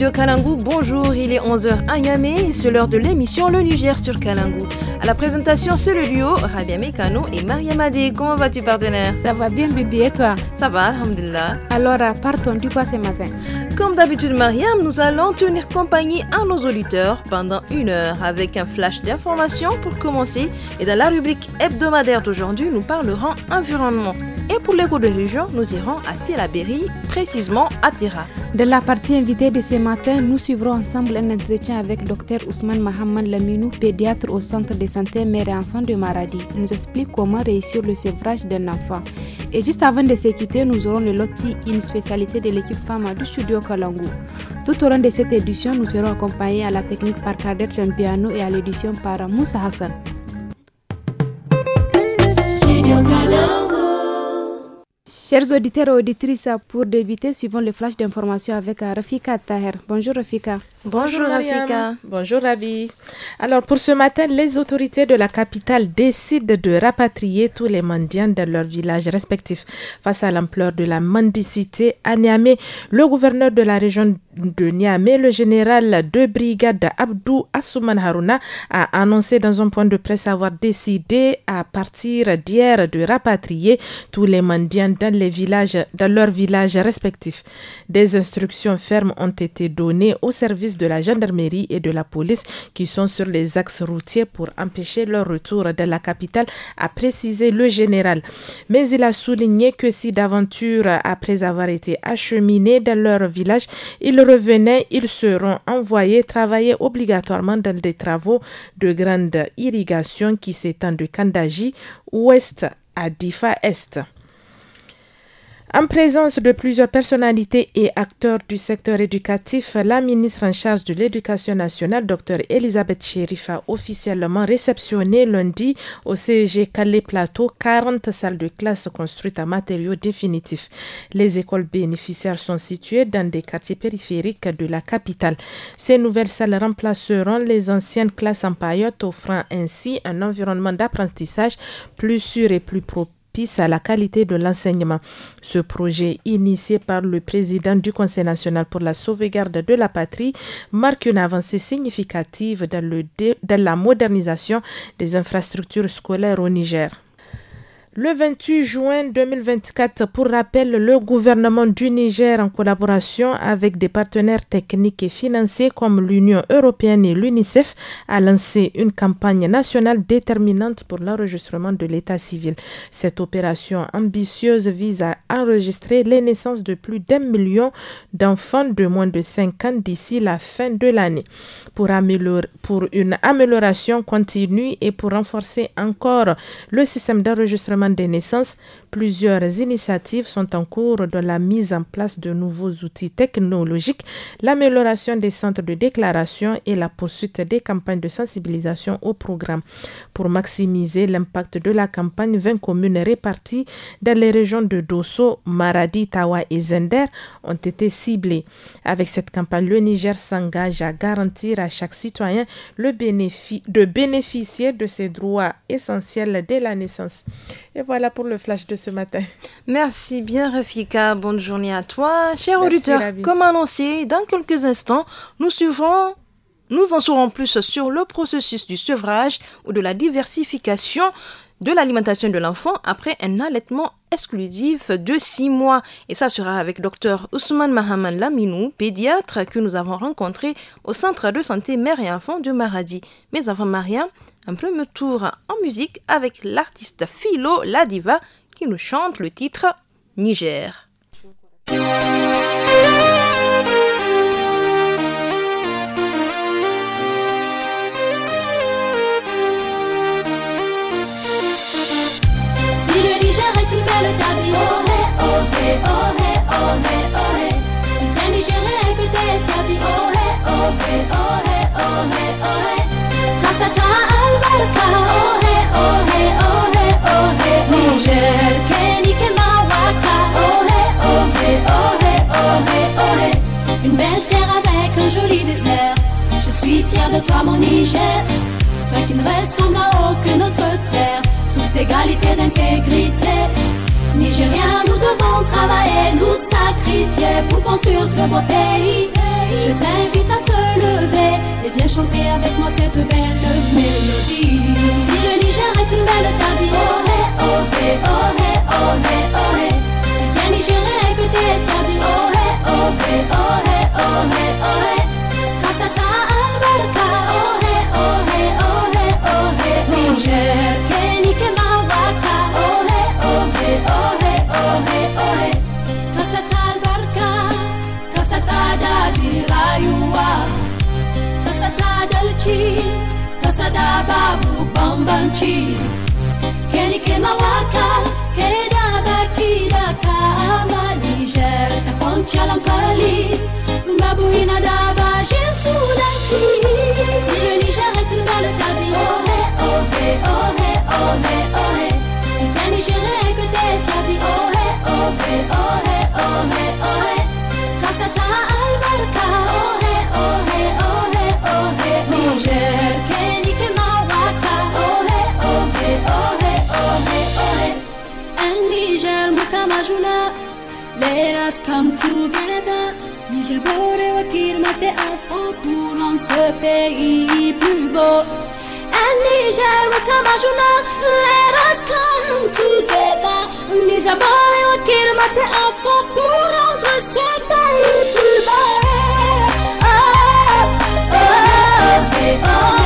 De bonjour, il est 11h à Niamey, c'est l'heure de l'émission Le Niger sur Kalangou. À la présentation, c'est le duo Rabia Mekano et Mariam Adé. Comment vas-tu, partenaire Ça va bien, bébé, et toi Ça va, Alhamdulillah. Alors, euh, partons du quoi matin Comme d'habitude, Mariam, nous allons tenir compagnie à nos auditeurs pendant une heure avec un flash d'informations pour commencer. Et dans la rubrique hebdomadaire d'aujourd'hui, nous parlerons environnement. Et pour l'écho de région, nous irons à Tillabéri, précisément à Terra. Dans la partie invitée de ce matin, nous suivrons ensemble un entretien avec Dr Ousmane Mahamad Laminou, pédiatre au centre de santé mère et enfant de Maradi. Il nous explique comment réussir le sévrage d'un enfant. Et juste avant de se quitter, nous aurons le loti, une spécialité de l'équipe femme du studio Kalangu. Tout au long de cette édition, nous serons accompagnés à la technique par Kader Piano et à l'édition par Moussa Hassan. Chers auditeurs et auditrices, pour débuter, suivons le flash d'information avec euh, Rafika Taher. Bonjour Rafika. Bonjour, Rafika. Bonjour Rabi. Alors pour ce matin, les autorités de la capitale décident de rapatrier tous les mendiants dans leurs villages respectifs. Face à l'ampleur de la mendicité à Niamey, le gouverneur de la région de Niamey, le général de brigade Abdou Assouman Harouna a annoncé dans un point de presse avoir décidé à partir d'hier de rapatrier tous les mendiants dans les villages, dans leurs villages respectifs. Des instructions fermes ont été données aux services de la gendarmerie et de la police qui sont sur les axes routiers pour empêcher leur retour dans la capitale, a précisé le général. Mais il a souligné que si d'aventure, après avoir été acheminés dans leur village, ils revenaient, ils seront envoyés travailler obligatoirement dans des travaux de grande irrigation qui s'étendent de Kandaji ouest à Difa Est. En présence de plusieurs personnalités et acteurs du secteur éducatif, la ministre en charge de l'Éducation nationale, Dr Elisabeth Chérif, a officiellement réceptionné lundi au CEG Calais Plateau 40 salles de classe construites à matériaux définitifs. Les écoles bénéficiaires sont situées dans des quartiers périphériques de la capitale. Ces nouvelles salles remplaceront les anciennes classes en paillotte, offrant ainsi un environnement d'apprentissage plus sûr et plus propice à la qualité de l'enseignement. Ce projet, initié par le président du Conseil national pour la sauvegarde de la patrie, marque une avancée significative dans la modernisation des infrastructures scolaires au Niger. Le 28 juin 2024, pour rappel, le gouvernement du Niger, en collaboration avec des partenaires techniques et financiers comme l'Union européenne et l'UNICEF, a lancé une campagne nationale déterminante pour l'enregistrement de l'état civil. Cette opération ambitieuse vise à enregistrer les naissances de plus d'un million d'enfants de moins de 5 ans d'ici la fin de l'année. Pour, pour une amélioration continue et pour renforcer encore le système d'enregistrement des naissances Plusieurs initiatives sont en cours dans la mise en place de nouveaux outils technologiques, l'amélioration des centres de déclaration et la poursuite des campagnes de sensibilisation au programme. Pour maximiser l'impact de la campagne, 20 communes réparties dans les régions de Dosso, Maradi, Tawa et Zender ont été ciblées. Avec cette campagne, le Niger s'engage à garantir à chaque citoyen le bénéfice de bénéficier de ses droits essentiels dès la naissance. Et voilà pour le flash de ce matin. Merci bien, Rafika, Bonne journée à toi. Cher auditeur, comme annoncé, dans quelques instants, nous suivrons nous en saurons plus sur le processus du sevrage ou de la diversification de l'alimentation de l'enfant après un allaitement exclusif de six mois. Et ça sera avec docteur Ousmane Mahaman Laminou, pédiatre que nous avons rencontré au Centre de santé mère et enfant de Maradi. Mais avant Maria, un premier tour en musique avec l'artiste Philo Ladiva il nous chante le titre Niger. Si Si le Niger est Kasata albarka, Ohé, ohé, ohé Ohé, oh hey, oh ohé, ohé, ohé Une belle terre avec un joli désert Je suis fière de toi mon Niger Toi qui ne ressemble à aucune autre terre Sous d'égalité d'intégrité Nigériens nous devons travailler Nous sacrifier pour construire ce beau pays je t'invite à te lever et viens chanter avec moi cette belle mélodie. Si le Niger est une belle tardi, Ohé, ohé, ohé, ohé, ohé Si t'es Nigérien que t'es tardi, ohé, Ohé, ohé, ohé, ohé, ohé oh ohé, oh ohé, Kasata al Ohé, ohé, ohé, ohé, Niger, Kenny, Kemawaka, waka Ohé, ohé, ohé, ohé, ohé rayuwa kasa ta dalci kasa da babu bambanci ke nike mawaka ke da baki da kama nijar ta kwanciyar hankali babu ina da bashin sunanki sai da nijar hatin balotadi ohe ohe ohe ohe ohe c'est ta Nigérien que t'es fier ohe, ohé ohé ohé ohé kasa ta albert معجونة Let us come together Déjà beau de wakir maté à fond pour rendre ce pays plus beau And Niger wakamajuna Let us come together Déjà beau de wakir maté à fond pour rendre ce pays plus beau oh.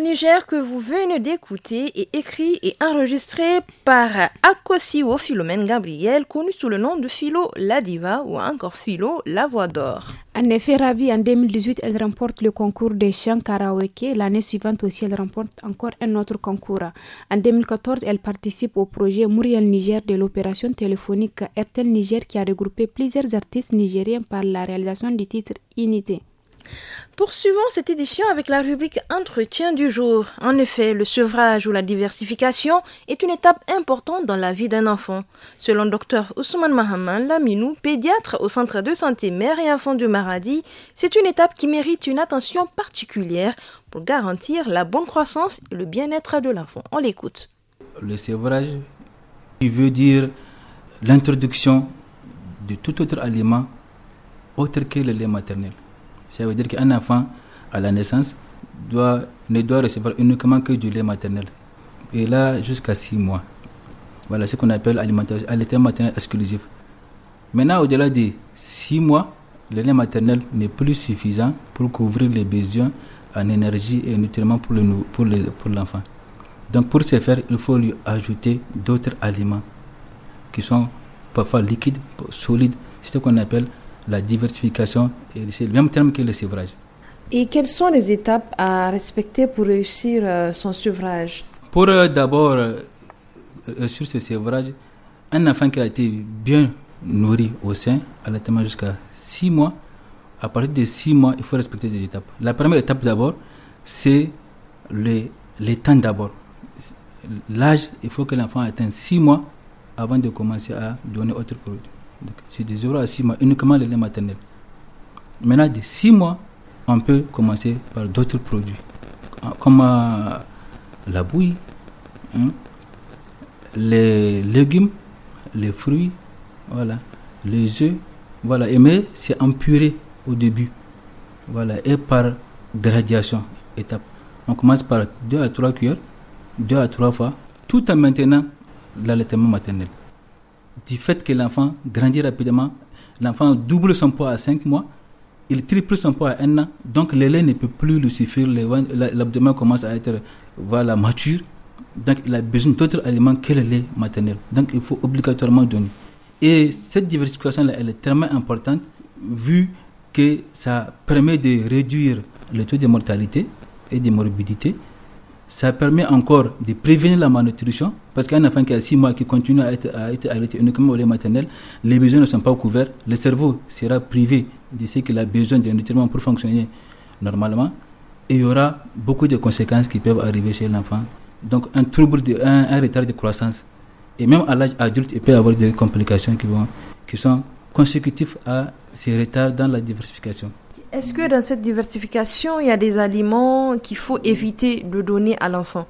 Niger que vous venez d'écouter est écrit et enregistré par Akosiwo Philomène Gabriel, connu sous le nom de Philo la Diva ou encore Philo la Voix d'Or. En effet, Rabi, en 2018, elle remporte le concours des chants karaoké. L'année suivante aussi, elle remporte encore un autre concours. En 2014, elle participe au projet Muriel Niger de l'opération téléphonique RTL Niger qui a regroupé plusieurs artistes nigériens par la réalisation du titre Unité. Poursuivons cette édition avec la rubrique Entretien du jour. En effet, le sevrage ou la diversification est une étape importante dans la vie d'un enfant. Selon Dr Ousmane Mahaman Laminou, pédiatre au Centre de santé mère et enfant du Maradi, c'est une étape qui mérite une attention particulière pour garantir la bonne croissance et le bien-être de l'enfant. On l'écoute. Le sevrage, il veut dire l'introduction de tout autre aliment autre que le lait maternel ça veut dire qu'un enfant, à la naissance, doit, ne doit recevoir uniquement que du lait maternel. Et là, jusqu'à 6 mois. Voilà ce qu'on appelle allaitement maternel exclusif. Maintenant, au-delà des 6 mois, le lait maternel n'est plus suffisant pour couvrir les besoins en énergie et en nutriments pour l'enfant. pour Donc, pour ce faire, il faut lui ajouter d'autres aliments qui sont parfois liquides, solides. C'est ce qu'on appelle la diversification et c'est le même terme que le sevrage. Et quelles sont les étapes à respecter pour réussir euh, son sevrage Pour euh, d'abord réussir euh, ce sevrage, un enfant qui a été bien nourri au sein, à allaitement jusqu'à 6 mois, à partir de 6 mois, il faut respecter des étapes. La première étape d'abord, c'est le temps d'abord. L'âge, il faut que l'enfant atteigne 6 mois avant de commencer à donner autre produit. C'est des 0 à 6 mois, uniquement le lait maternel. Maintenant, de 6 mois, on peut commencer par d'autres produits, comme euh, la bouillie, hein, les légumes, les fruits, les œufs, voilà. Et mais c'est empuré au début, voilà, et par gradation, étape. On commence par 2 à 3 cuillères, 2 à 3 fois, tout en maintenant l'allaitement maternel du fait que l'enfant grandit rapidement, l'enfant double son poids à 5 mois, il triple son poids à 1 an, donc le lait ne peut plus lui suffire, l'abdomen commence à être mature, donc il a besoin d'autres aliments que le lait maternel. Donc il faut obligatoirement donner. Et cette diversification-là, elle est tellement importante, vu que ça permet de réduire le taux de mortalité et de morbidité, ça permet encore de prévenir la malnutrition, parce qu'un enfant qui a 6 mois, qui continue à être, à arrêté uniquement au lait maternel, les besoins ne sont pas couverts. Le cerveau sera privé de ce qu'il a besoin d'un nutriment pour fonctionner normalement. Et il y aura beaucoup de conséquences qui peuvent arriver chez l'enfant. Donc un trouble, de, un, retard de croissance. Et même à l'âge adulte, il peut y avoir des complications qui, vont, qui sont consécutives à ces retards dans la diversification. Est-ce que dans cette diversification, il y a des aliments qu'il faut éviter de donner à l'enfant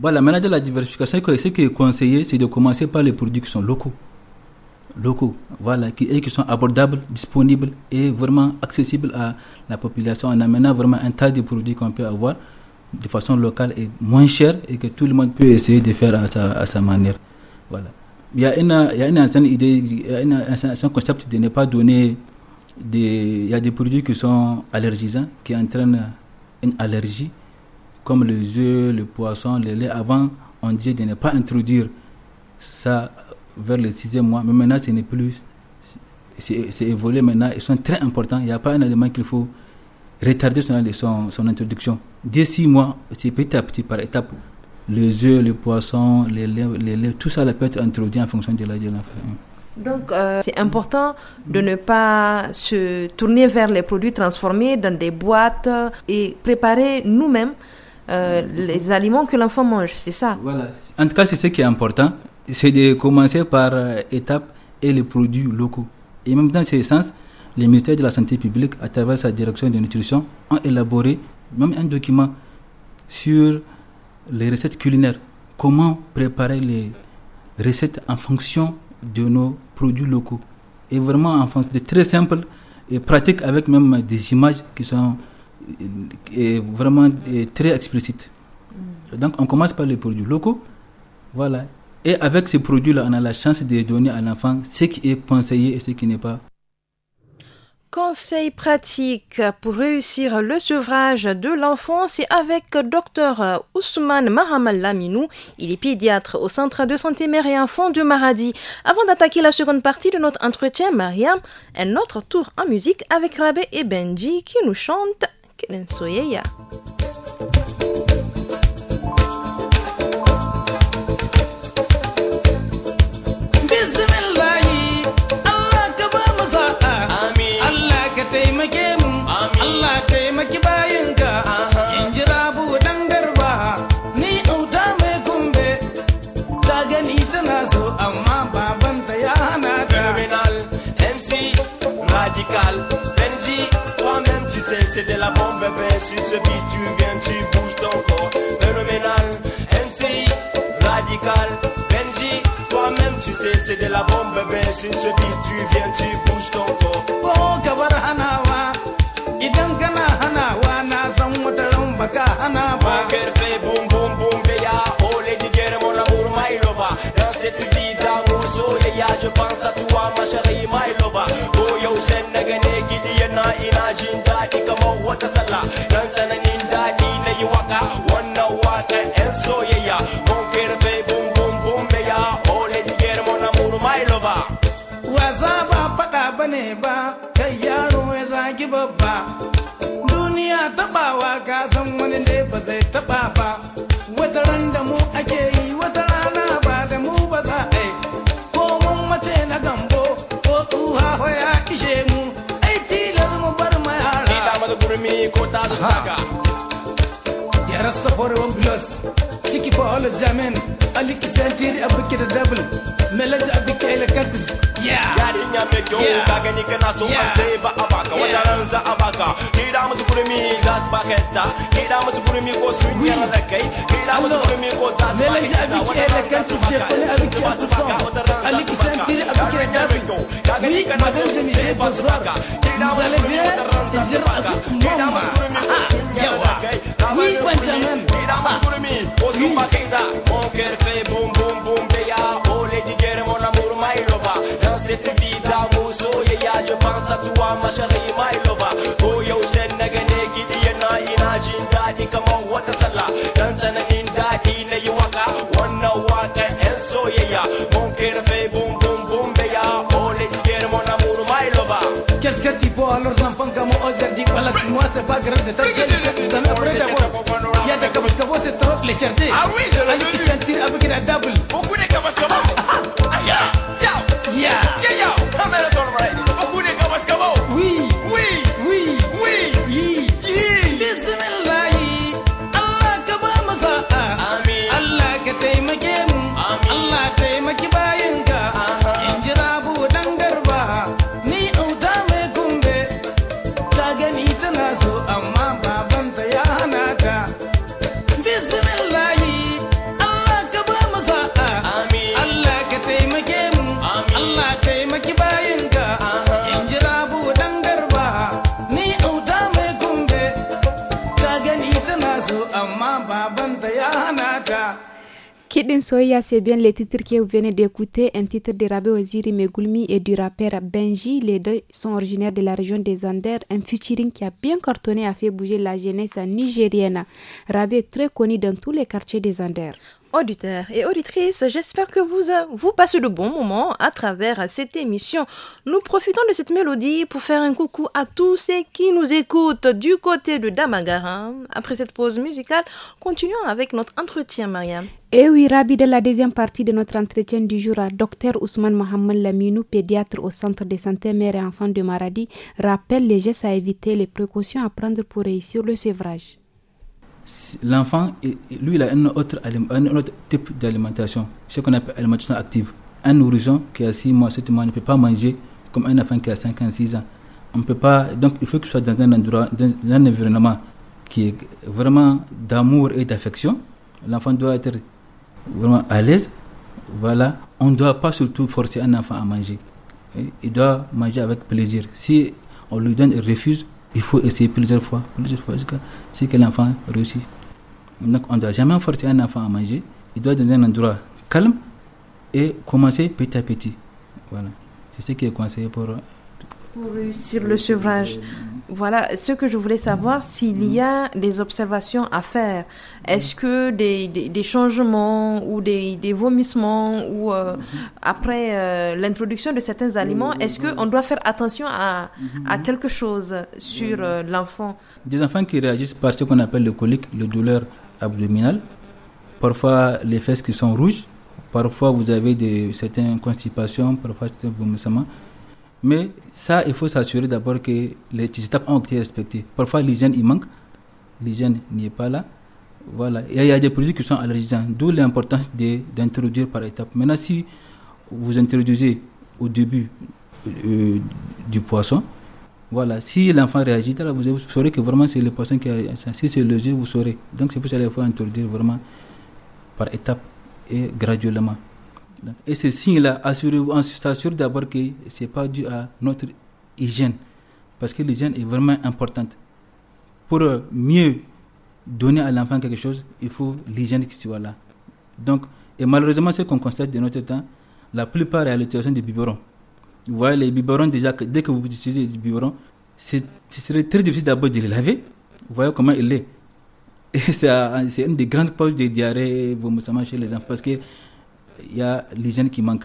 Voilà, maintenant de la diversification, ce qui est conseillé, c'est de commencer par les produits qui sont locaux. Locaux, voilà, qui, et qui sont abordables, disponibles et vraiment accessibles à la population en amenant vraiment un tas de produits qu'on peut avoir de façon locale et moins chère et que tout le monde peut essayer de faire à sa, manière. Voilà. Il y a une, il y a ancienne idée, un, ancien concept de ne pas donner il y a des produits qui sont allergisants, qui entraînent une allergie, comme les œufs, le poisson, le lait. Avant, on disait de ne pas introduire ça vers le sixième mois, mais maintenant, ce n'est plus. C'est évolué maintenant, ils sont très importants. Il n'y a pas un aliment qu'il faut retarder son, son, introduction. Dès six mois, c'est petit à petit, par étape, les œufs, le poisson, les lait, les tout ça peut être introduit en fonction de l'âge de l'enfant. Donc, euh, c'est important de ne pas se tourner vers les produits transformés dans des boîtes et préparer nous-mêmes euh, les aliments que l'enfant mange, c'est ça. Voilà. En tout cas, c'est ce qui est important, c'est de commencer par euh, et les produits locaux. Et même dans ce sens, le ministère de la Santé publique, à travers sa direction de nutrition, ont élaboré même un document sur les recettes culinaires. Comment préparer les recettes en fonction de nos produits locaux. Et vraiment, en France, c'est très simple et pratique avec même des images qui sont euh, vraiment très explicites. Mm. Donc, on commence par les produits locaux. Voilà. Et avec ces produits-là, on a la chance de donner à l'enfant ce qui est conseillé et ce qui n'est pas conseils pratiques pour réussir le sevrage de l'enfance, c'est avec docteur Ousmane Mahamal Laminou. Il est pédiatre au Centre de santé mère et enfant de Maradi. Avant d'attaquer la seconde partie de notre entretien, Mariam, un autre tour en musique avec Rabé et Benji qui nous chante Kelen Soyeya. Si sur ce tu viens, tu bouges ton corps. Phénoménal, NC, radical, Benji, toi-même tu sais, c'est de la bombe, ben sur ce tu viens, tu bouges ton corps. Oh, Kawara Hanawa, Idan Hanawa, Nazam Wataram Baka Hanawa. Ma cœur fait boum boum boum, Béa, oh les diguerres, mon amour, Maïlova. Dans cette vie d'amour, soleil, je pense à toi, ma chérie, Maïlova. Oh, yo, je n'ai gagné, Ina, Inajin, Dadi. wata sallah dan tsananin daɗi na yi waka wannan waka yan soyayya mun bai bum bum bum ya ole digger mon amour my lover wasa ba faɗa bane ba kai yaro ya zagi babba duniya taɓawa ka san wani ne ba zai taɓa سفاري ون بلس سيكي بقى الزمان قال لك سنتير قبل كده دبل ملاذ قبل kirkatis yarinya mai kyau ka gani kana so an sai ba a baka wata ran za a baka ke da musu kurmi za su baka yadda ke da musu kurmi ko sun yi da kai ke da musu kurmi ko za su baka yadda wata ran za su baka yadda ba su baka wata ran za su baka yarinya mai kyau ka gani kana so an sai ba su baka ke da musu kurmi wata ran za su baka ke da musu kurmi ko sun yi da kai ka gani ke da musu kurmi ko sun baka yadda mon cœur fait boum boum boum cette vie d'amour je pense à toi ma chérie my lover na pas je waka mon boum bum bum bum oh ole mon amour my Qu'est-ce que tu vois alors enfants comme aujourd'hui Voilà tu moi c'est pas grave de ta gueule C'est tout un Il y Y'a des cabos cabos c'est trop les chercher Ah oui Soya, c'est bien le titre que vous venez d'écouter, un titre de Rabé Oziri Megulmi et du rappeur Benji. Les deux sont originaires de la région des Anders, un featuring qui a bien cartonné a fait bouger la jeunesse nigérienne. Rabé est très connu dans tous les quartiers des Anders auditeurs et auditrices, j'espère que vous, euh, vous passez de bons moments à travers cette émission. Nous profitons de cette mélodie pour faire un coucou à tous ceux qui nous écoutent du côté de Damagara. Après cette pause musicale, continuons avec notre entretien, Mariam. Et eh oui, Rabi, de la deuxième partie de notre entretien du jour, euh, Dr Ousmane Mohamed Laminou, pédiatre au Centre de santé mère et enfants de Maradi, rappelle les gestes à éviter, les précautions à prendre pour réussir le sevrage l'enfant, lui, il a un autre, un autre type d'alimentation, ce qu'on appelle alimentation active. Un nourrisson qui a 6 mois, 7 mois ne peut pas manger comme un enfant qui a 5 ans, 6 ans. On peut pas, donc il faut qu'il soit dans un dans un environnement qui est vraiment d'amour et d'affection. L'enfant doit être vraiment à l'aise. Voilà, on ne doit pas surtout forcer un enfant à manger. Il doit manger avec plaisir. Si on lui donne, il refuse, il faut essayer plusieurs fois, plusieurs fois, jusqu'à ce que l'enfant réussisse. Donc, on ne doit jamais forcer un enfant à manger. Il doit être dans un endroit calme et commencer petit à petit. Voilà. C'est ce qui est conseillé pour pour réussir le sevrage. Voilà, ce que je voulais savoir, s'il y a des observations à faire. Est-ce que des, des, changements ou des, des vomissements ou euh, après euh, l'introduction de certains aliments, est-ce qu'on doit faire attention à, à quelque chose sur euh, l'enfant Des enfants qui réagissent par ce qu'on appelle le colique, le douleur abdominale, parfois les fesses qui sont rouges, parfois vous avez des, certaines constipations, parfois certains vomissements. Mais ça, il faut s'assurer d'abord que les étapes ont été respectées. Parfois, l'hygiène, il manque. L'hygiène n'y est pas là. Voilà. il y a des produits qui sont allergisants, d'où l'importance d'introduire par étapes. Maintenant, si vous introduisez au début euh, du poisson, voilà, si l'enfant réagit, vous saurez que vraiment c'est le poisson qui a Si c'est le jeu, vous saurez. Donc c'est pour ça qu'il faut introduire vraiment par étapes et graduellement et ces signes-là, assurez-vous, on s'assure d'abord que ce n'est pas dû à notre hygiène, parce que l'hygiène est vraiment importante. Pour euh, mieux donner à l'enfant quelque chose, il faut l'hygiène qui soit là. Donc, et malheureusement, ce qu'on constate de notre temps, la plupart est à l'utilisation des biberons. Vous voyez, les biberons, déjà, dès que vous utilisez des biberons, ce serait très difficile d'abord de les laver. Vous voyez comment il est. Et c'est une des grandes causes de diarrhée, chez les enfants, parce que il y a l'hygiène qui manque.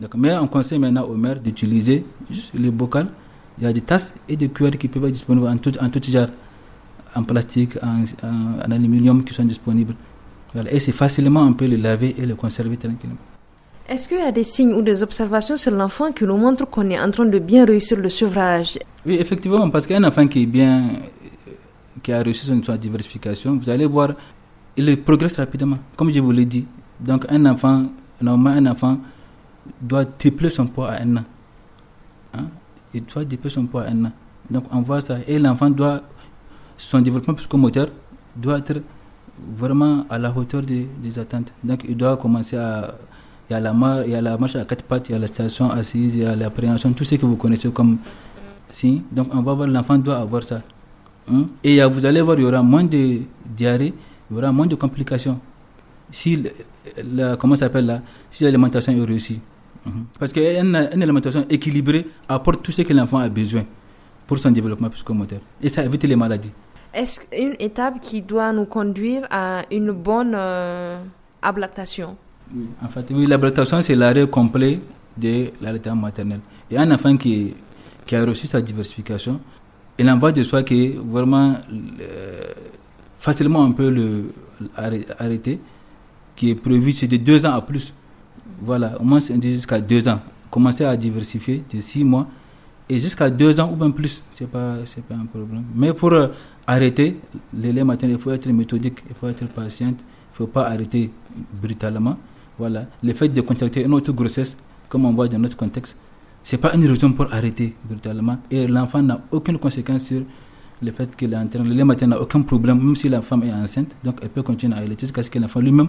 Donc, mais on conseille maintenant aux mères d'utiliser les bocaux. Il y a des tasses et des cuillères qui peuvent être disponibles en tout, en genre, en plastique, en, aluminium qui sont disponibles. Et c'est facilement, on peut les laver et les conserver tranquillement. Est-ce qu'il y a des signes ou des observations sur l'enfant qui nous montrent qu'on est en train de bien réussir le sevrage Oui, effectivement, parce qu'un enfant qui est bien, qui a réussi son, son diversification, vous allez voir, il progresse rapidement. Comme je vous l'ai dit, donc un enfant, normalement un enfant doit tripler son poids à un an. Hein? Il doit tripler son poids à un an. Donc on voit ça. Et l'enfant doit, son développement psychomoteur doit être vraiment à la hauteur des, attentes. Donc il doit commencer à... Il y, a la marche, la marche à quatre pattes, il y a la station assise, il y a l'appréhension, tout ce que vous connaissez comme signe. Donc on va voir, l'enfant doit avoir ça. Hein? Et vous allez voir, il y aura moins de diarrhée, il y aura moins de complications si la, comment s'appelle là, si l'alimentation est réussie. Mhm. Parce qu'une une alimentation équilibrée apporte tout ce que l'enfant a besoin pour son développement psychomoteur. Et ça évite les maladies. Est-ce une étape qui doit nous conduire à une bonne euh, ablactation Oui, en fait, oui, l'ablactation, c'est l'arrêt complet de l'allaitement maternel. Et un enfant qui, qui a reçu sa diversification, il en va de soi que vraiment, euh, facilement, on peut le arrêter qui est prévu, c'est de deux ans à plus. Voilà, au moins c'est jusqu'à deux ans. Commencer à diversifier de six mois et jusqu'à deux ans ou même plus, ce n'est pas, pas un problème. Mais pour euh, arrêter arrêter l'élève matin, il faut être méthodique, il faut être patiente, il ne faut pas arrêter brutalement. Voilà, le fait de contacter une autre grossesse, comme on voit dans notre contexte, ce n'est pas une raison pour arrêter brutalement. Et l'enfant n'a aucune conséquence sur le fait qu'il est en train. L'élève n'a aucun problème, même si la femme est enceinte, donc elle peut continuer à allaiter jusqu'à ce que l'enfant lui-même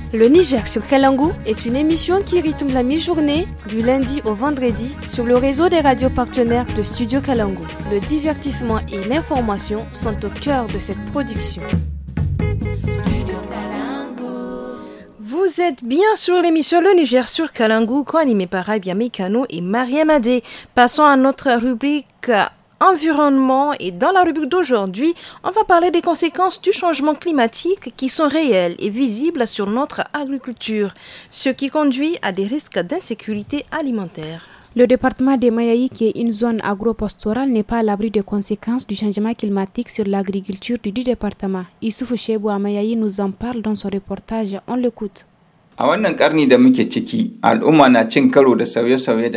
Le Niger sur Kalangu est une émission qui rythme la mi-journée du lundi au vendredi sur le réseau des radios partenaires de Studio Kalangu. Le divertissement et l'information sont au cœur de cette production. Vous êtes bien sur l'émission Le Niger sur Kalangu, co-animée par Abia Mikano et Mariam Adé. Passons à notre rubrique environnement et dans la rubrique d'aujourd'hui, on va parler des conséquences du changement climatique qui sont réelles et visibles sur notre agriculture, ce qui conduit à des risques d'insécurité alimentaire. Le département des Mayaï, qui est une zone agro-pastorale, n'est pas à l'abri des conséquences du changement climatique sur l'agriculture du département. Issoufou Chebou à Mayaï nous en parle dans son reportage. On l'écoute. A wannan karni da muke ciki, na cin karo da sauye-sauye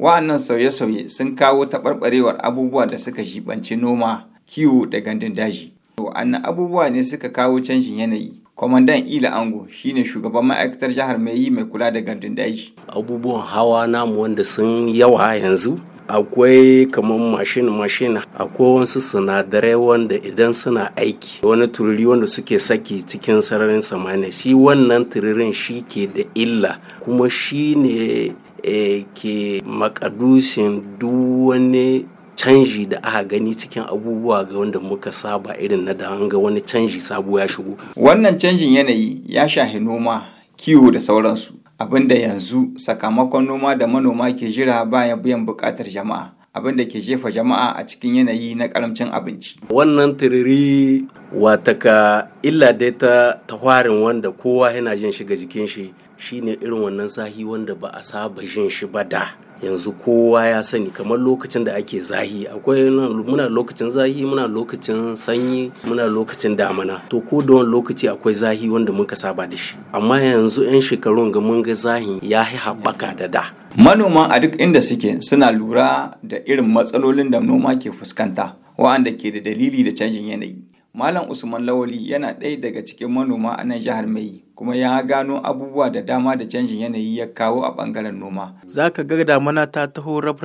Wa'annan sauye-sauye sun kawo taɓarɓarewar abubuwa da suka jibanci noma, kiwo da gandun daji. Wa'annan abubuwa ne suka kawo canjin yanayi. Kwamandan Ila Ango shine shugaban ma'aikatar jihar Mai mai kula da gandun daji. Abubuwan hawa namu wanda sun yawa yanzu akwai kamar mashin-mashin akwai wasu sinadarai wanda idan suna aiki wani tururi wanda suke saki cikin sararin samaniya shi wannan tururin shi ke da illa kuma shi ne Eh, ke makadusin duk wani canji da aka gani cikin abubuwa ga wanda muka saba irin na da ga wani canji sabo ya shigo. Wannan canjin yanayi ya shahi noma, kiwo da sauransu. Abinda yanzu sakamakon noma da manoma ke jira bayan biyan bukatar jama'a. abinda ke jefa jama'a a cikin yanayi na karamcin abinci. Wannan tiriri wataka illa dai ta tawarin wanda kowa yana jin shiga jikin shi shine irin wannan zahi wanda ba a saba jin shi ba da yanzu kowa ya sani kamar lokacin da ake zahi akwai muna lokacin zahi muna lokacin sanyi muna lokacin damana to ko da wani lokaci akwai zahi wanda muka saba da shi amma yanzu 'yan shekarun ga mun ga zahi ya haɓaka da da Manoma a duk inda suke suna lura da irin matsalolin da noma ke fuskanta wa'anda ke da dalili da canjin yanayi malam usman lawali yana ɗaya daga cikin manoma a nan jihar mai kuma ya gano abubuwa da dama da canjin yanayi ya kawo a ɓangaren noma. Za ka ga damana ta taho rab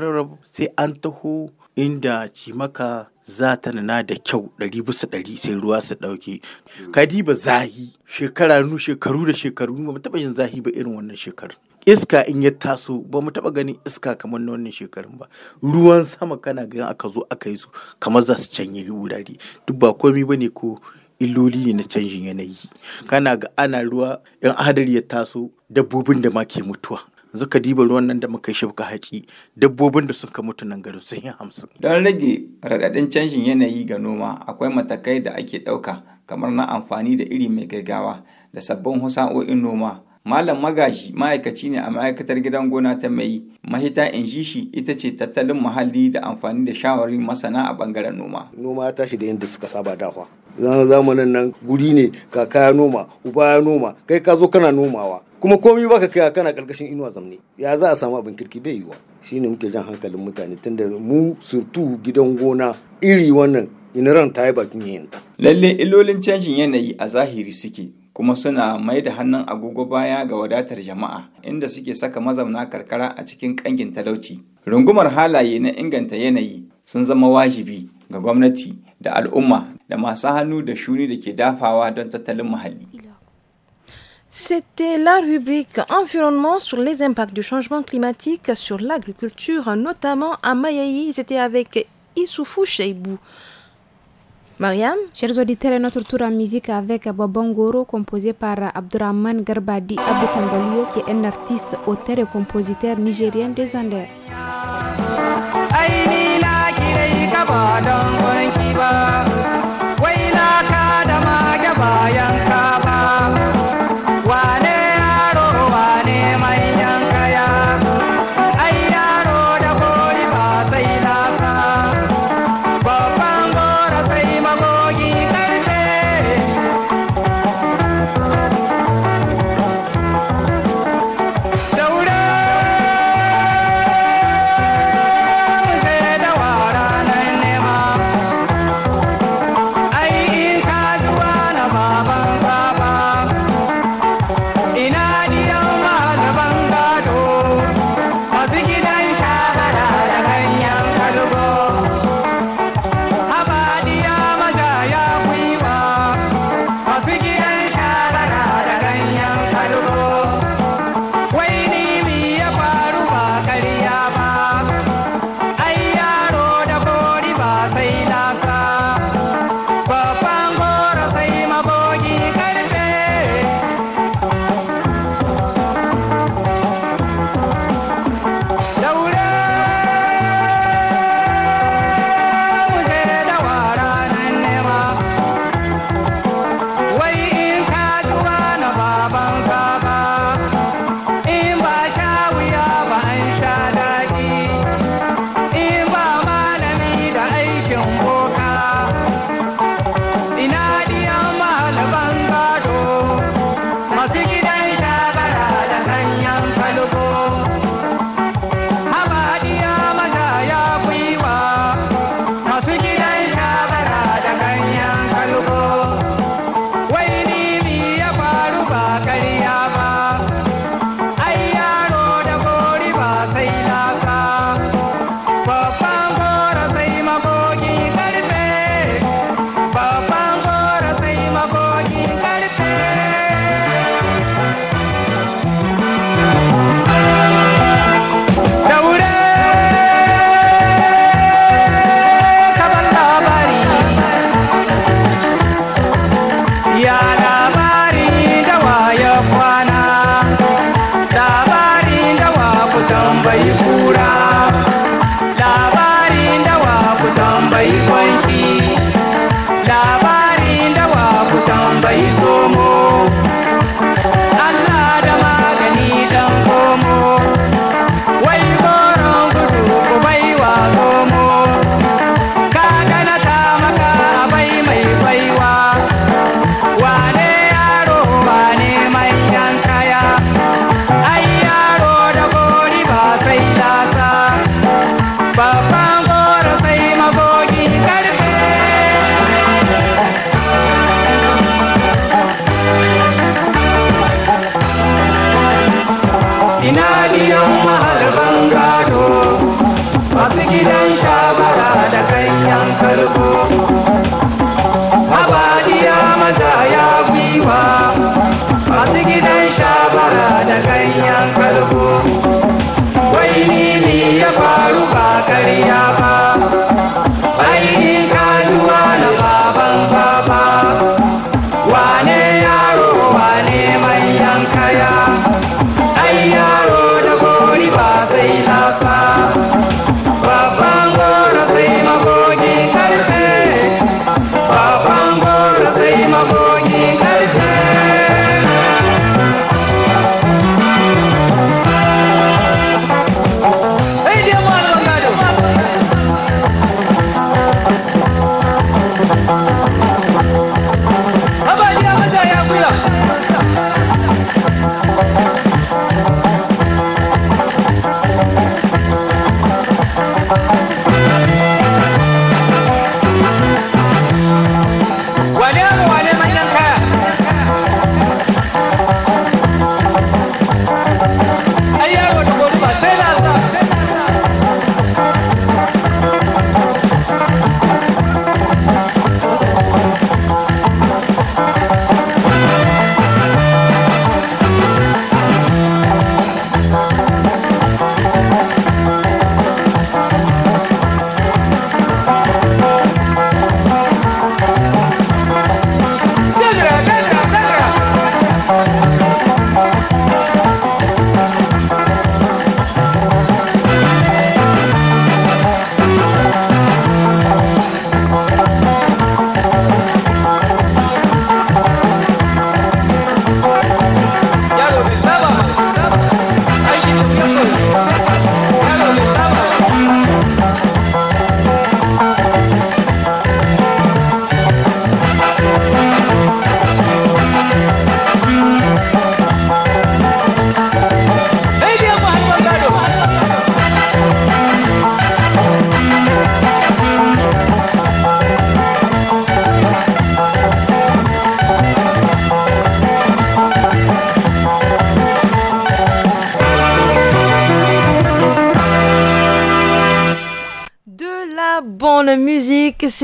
sai an taho inda cimaka za ta nana da kyau ɗari bisa ɗari sai ruwa su ɗauke. Kadiba zahi shekara nu shekaru da shekaru ba mu taɓa yin zahi ba irin wannan shekaru. Iska in ya taso ba mu taɓa ganin iska kamar na wannan shekarun ba. Ruwan sama kana ganin aka zo aka yi su kamar za su canye wurare. Duk ba komi ba ne ko illoli ne na canjin yanayi kana ga ana ruwa yan hadari ya taso dabbobin da ma ke mutuwa yanzu ka diba ruwan nan da muka yi ka haci dabbobin da suka mutu nan garin sun yi hamsin. don rage raɗaɗin canjin yanayi ga noma akwai matakai da ake ɗauka kamar na amfani da iri mai gaggawa da sabbin husa'o'in noma malam magashi ma'aikaci ne a ma'aikatar gidan gona ta mai mahita in ji shi ita ce tattalin muhalli da amfani da shawarin masana a bangaren noma noma ya tashi da yadda suka saba dawa zamanin nan guri ne kaka ya noma uba ya noma kai ka zo kana nomawa kuma komai baka kai kana karkashin inuwa zamne ya za a samu abin kirki bai yiwa shine muke jan hankalin mutane tunda mu surtu gidan gona iri wannan ran ta yi bakin yin lalle illolin canjin yanayi a zahiri suke kuma suna mai da hannun agogo baya ga wadatar jama'a inda suke saka mazauna karkara a cikin kangin talauci rungumar halaye na inganta yanayi sun zama wajibi ga gwamnati da al'umma da da C'était la rubrique environnement sur les impacts du changement climatique sur l'agriculture, notamment à Mayaï. C'était avec Issoufou Cheibou. Mariam Chers auditeurs, notre tour en musique avec Babangoro, composé par Abdurrahman Garbadi qui est un artiste, auteur et compositeur nigérien des Andes.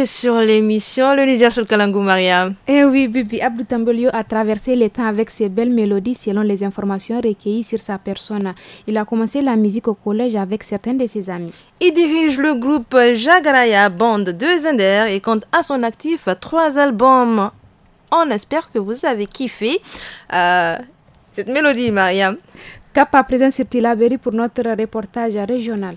sur l'émission Le Niger sur Kalangu Mariam. Eh oui, Bibi Abdou Tambolio a traversé les temps avec ses belles mélodies selon les informations recueillies sur sa personne. Il a commencé la musique au collège avec certains de ses amis. Il dirige le groupe Jagaraya Band de Zender et compte à son actif trois albums. On espère que vous avez kiffé euh, cette mélodie, Mariam. Cap à présent sur pour notre reportage régional.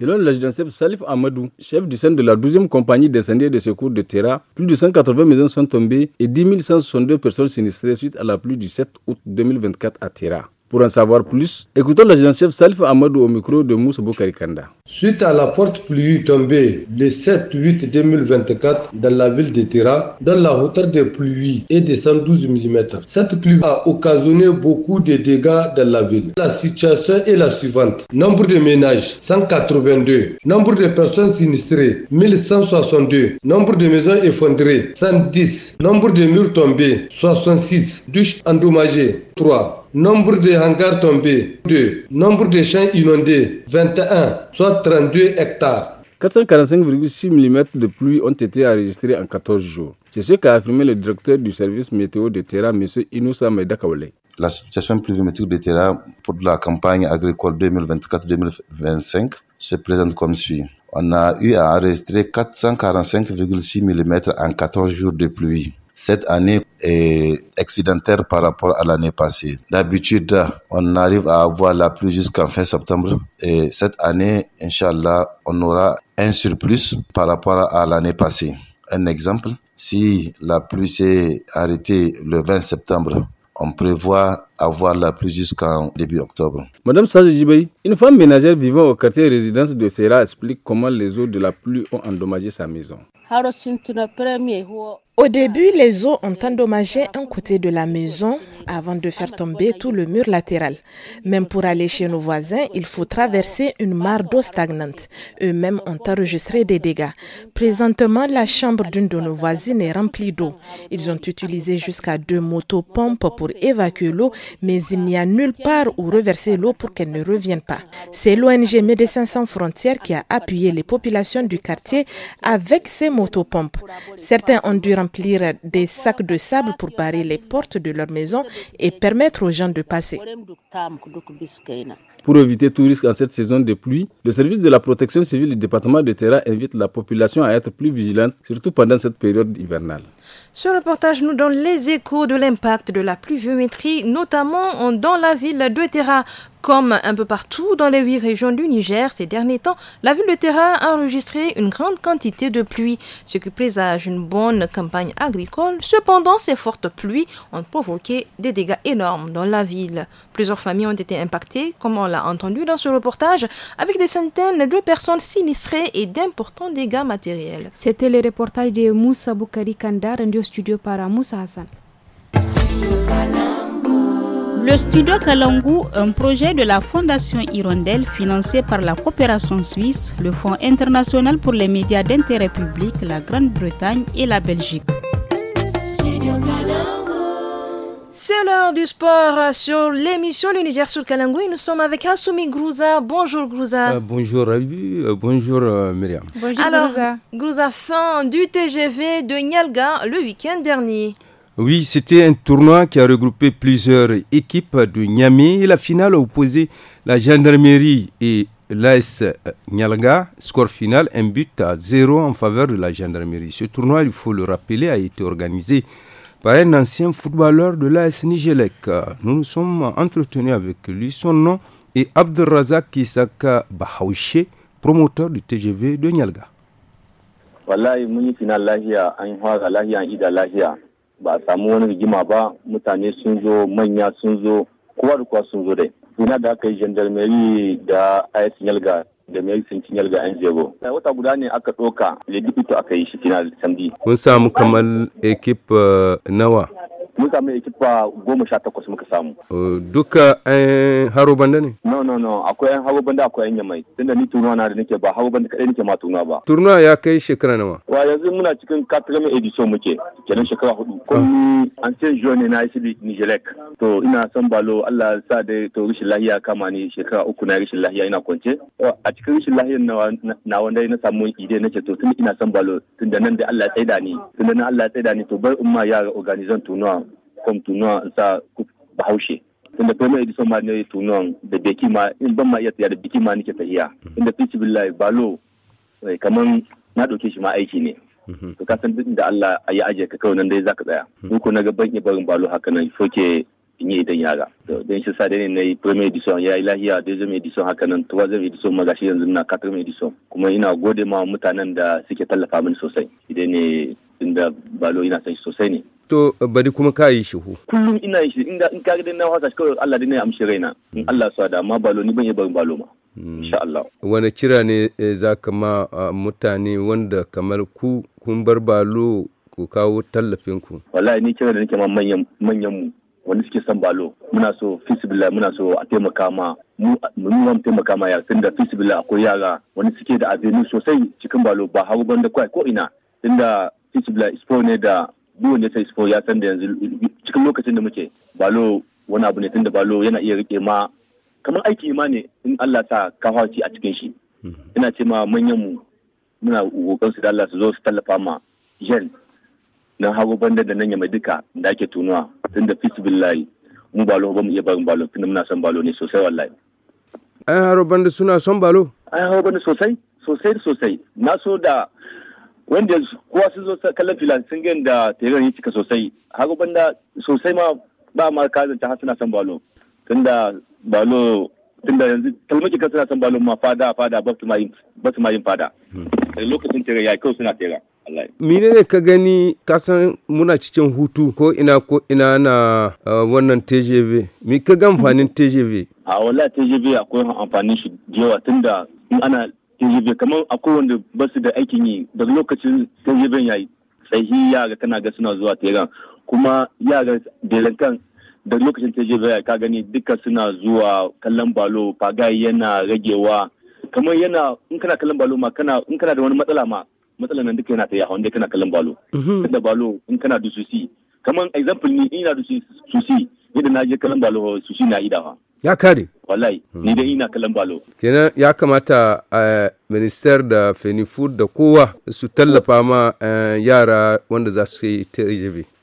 Selon l'agent Salif Amadou, chef du sein de la 12e compagnie d'incendie et de secours de Terra, plus de 180 maisons sont tombées et 10 162 personnes sinistrées suite à la pluie du 7 août 2024 à Terra. Pour en savoir plus, écoutons l'agent chef Salif Amadou au micro de Moussa Bokarikanda. Suite à la forte pluie tombée le 7-8-2024 dans la ville de Tira, dans la hauteur de pluie est de 112 mm. Cette pluie a occasionné beaucoup de dégâts dans la ville. La situation est la suivante. Nombre de ménages 182. Nombre de personnes sinistrées 1162. Nombre de maisons effondrées 110. Nombre de murs tombés 66. Douches endommagées 3. Nombre de hangars tombés 2. Nombre de champs inondés 21. Soit 445,6 mm de pluie ont été enregistrés en 14 jours. C'est ce qu'a affirmé le directeur du service météo de Terra, M. Inoussa Maïdakaoulé. La situation pluviométrique de Terra pour la campagne agricole 2024-2025 se présente comme suit. On a eu à enregistrer 445,6 mm en 14 jours de pluie cette année est excédentaire par rapport à l'année passée. D'habitude, on arrive à avoir la pluie jusqu'en fin septembre et cette année, Inch'Allah, on aura un surplus par rapport à l'année passée. Un exemple, si la pluie s'est arrêtée le 20 septembre, on prévoit avoir la pluie jusqu'en début octobre. Madame Sajibay, une femme ménagère vivant au quartier résidence de Ferra explique comment les eaux de la pluie ont endommagé sa maison. Au début, les eaux ont endommagé un côté de la maison avant de faire tomber tout le mur latéral. Même pour aller chez nos voisins, il faut traverser une mare d'eau stagnante. Eux-mêmes ont enregistré des dégâts. Présentement, la chambre d'une de nos voisines est remplie d'eau. Ils ont utilisé jusqu'à deux motopompes pour évacuer l'eau mais il n'y a nulle part où reverser l'eau pour qu'elle ne revienne pas. C'est l'ONG Médecins sans frontières qui a appuyé les populations du quartier avec ses motopompes. Certains ont dû remplir des sacs de sable pour barrer les portes de leur maison et permettre aux gens de passer. Pour éviter tout risque en cette saison de pluie, le service de la protection civile du département de Terra invite la population à être plus vigilante, surtout pendant cette période hivernale. Ce reportage nous donne les échos de l'impact de la pluviométrie, notamment dans la ville de Terra. Comme un peu partout dans les huit régions du Niger ces derniers temps, la ville de terrain a enregistré une grande quantité de pluie, ce qui présage une bonne campagne agricole. Cependant, ces fortes pluies ont provoqué des dégâts énormes dans la ville. Plusieurs familles ont été impactées, comme on l'a entendu dans ce reportage, avec des centaines de personnes sinistrées et d'importants dégâts matériels. C'était le reportage de Moussa Boukari Kandar, rendu studio par Moussa Hassan. Le studio Kalangu, un projet de la Fondation Hirondelle financé par la coopération suisse, le Fonds international pour les médias d'intérêt public, la Grande-Bretagne et la Belgique. C'est l'heure du sport sur l'émission L'univers sur et Nous sommes avec Asumi Grouza. Bonjour Grouza. Euh, bonjour Abu. Euh, bonjour euh, Myriam. Bonjour Alors, Grouza. Grouza, fin du TGV de Nyalga le week-end dernier. Oui, c'était un tournoi qui a regroupé plusieurs équipes de Niamey. La finale a opposé la gendarmerie et l'AS Nyalga. Score final, un but à zéro en faveur de la gendarmerie. Ce tournoi, il faut le rappeler, a été organisé par un ancien footballeur de l'AS Nigelec. Nous nous sommes entretenus avec lui. Son nom est Abdelrazak Isaka Bahouché, promoteur du TGV de Nyalga. ba a samu wani rigima ba mutane sun zo manya sun zo kowa da kowa sun zo dai ina da aka yi gendarmerie da ayat ga da mai sun cinyar ga yan jego. wata guda ne aka ɗoka lidikito aka yi shi kina samdi. Mun samu kamar ekip eh, nawa mun samu ekipa goma sha takwas muka samu. Eh, duka ɗayan haro banda ne? No, no, no, akwai ɗayan haro banda akwai ɗayan yamai. Tunda ni turnuwa na da nake ba haro banda kaɗai nake ma turnuwa ba. Turnuwa ya kai shekara nawa? Wa yanzu muna cikin katirame edison muke, kenan shekara hudu. Ah. ni an ce jo ne na yi shi Nijelek. To ina son balo Allah sa da to rishin lahiya kama ni shekara uku na rishin lahiya ina kwance. A cikin rishin lahiyar na wanda na samu ide na ce to tun ina son balo tun da nan da Allah ya tsaida ni. Tun da nan Allah ya tsaida ni to bai umma yara organizan turnuwa kom tunuwa sa bahaushe inda kai mai edison ma ne tunuwan da beki ma in ban ma iya tafiya da biki ma nake hmm. tafiya inda fi billahi balo kaman na ɗauke shi ma aiki ne to ka san da Allah a yi aje ka kawai nan dai ka tsaya ni ko ga ban iya barin balo haka nan ke in yi idan yara don shi sa dai na yi premier edison ya yi lahiya deuxième edison haka nan troisième edison ma gashi yanzu na mai edison kuma ina gode ma mutanen da suke tallafa mini sosai idan ne inda balo ina son shi sosai ne to bari kuma ka yi shihu kullum ina yi shi in ka ga na wasa kawai Allah dai ya amshi raina in Allah su da amma balo ni ban yi barin balo ma hmm. insha Allah wani kira ne eh, za ka ma ah, mutane wanda kamar ku kun bar balo ku kawo tallafin ku wallahi ni kira da nake ma manyan manyan mu wanda suke son balo muna so fisibila muna so a taimaka ma mu mu taimaka ma yara tunda fisibila akwai yara wanda suke da abinu sosai cikin balo ba hawo banda kwai ko ina tunda fisibila ispo ne da duk wanda sai ya san da yanzu cikin lokacin da muke balo wani abu ne tunda balo yana iya rike ma kamar aiki ma ne in Allah sa ka a cikin shi mhm. ina ce ma manyan mu muna kokon su da Allah su zo su tallafa ma yan na hago bandar da nan ya mai duka da ake tunuwa tunda fisbillahi mu balo ba mu iya barin balo tunda muna son balo ne sosai wallahi ai haro bandar suna son balo ai haro bandar sosai sosai sosai na so da wanda kowa sun zo kallon filan sun gan da taron yi cika sosai har banda sosai ma ba ma ka ta har suna san balo tunda balo tunda yanzu kalmaki kan suna san balo ma fada fada ba su ma yin fada lokacin tare ya kawai suna tera Mine ne ka gani kasan muna cikin hutu ko ina ko ina na uh, wannan TGV. Mi ka ga amfanin TGV? A wala TGV akwai amfanin shi da yawa tunda ana tjb kamar a kowanne ba su da aikin yi daga lokacin tjb ya tsayi yara kana ga suna zuwa tegan kuma yara kan da lokacin tjb ya ka gani duka suna zuwa kallon balo faga yana ragewa kamar yana in kana kallon balo ma kana in kana da wani matsala ma matsalan nan duka yana ta yawa wanda kana kallon balo mm-hmm. da balo in kana da susi kamar example ni ina da susi yadda na je kallon balo susi na idawa ya kare wallahi hmm. ni dai ina kallon balo kenan ya kamata a eh, minister da fenifood da kowa su tallafa ma eh, yara wanda za su yi ta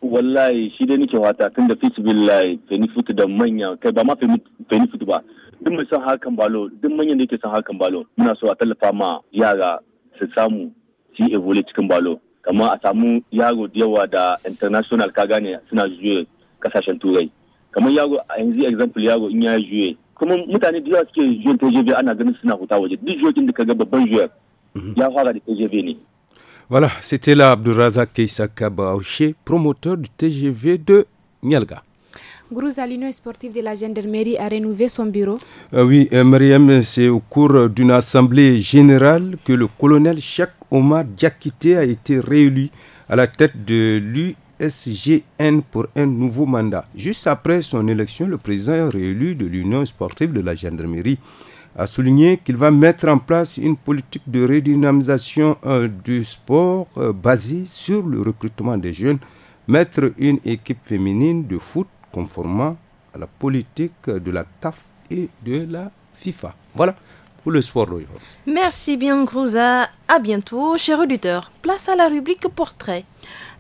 wallahi shi dai nake wata tun da fisibillahi fenifood da manya kai ba ma fenifood ba duk mai son hakan balo duk manyan da yake son hakan balo muna so a tallafa ma yara su samu su evole cikin balo kamar a samu yaro da yawa da international ka gane suna juya kasashen turai TGV mhm. Voilà, c'était là Abdourazak Keissa Baouché, promoteur du TGV de Nyalga. Grouza, l'Union sportive de la gendarmerie a rénové son bureau. Euh, oui, euh, Mariam, c'est au cours d'une assemblée générale que le colonel Cheikh Omar Diakité a été réélu à la tête de lui. SGN pour un nouveau mandat. Juste après son élection, le président réélu de l'Union sportive de la gendarmerie a souligné qu'il va mettre en place une politique de redynamisation euh, du sport euh, basée sur le recrutement des jeunes, mettre une équipe féminine de foot conformant à la politique de la CAF et de la FIFA. Voilà pour le sport. Merci bien, Kouza. À bientôt, chers auditeurs. Place à la rubrique portrait.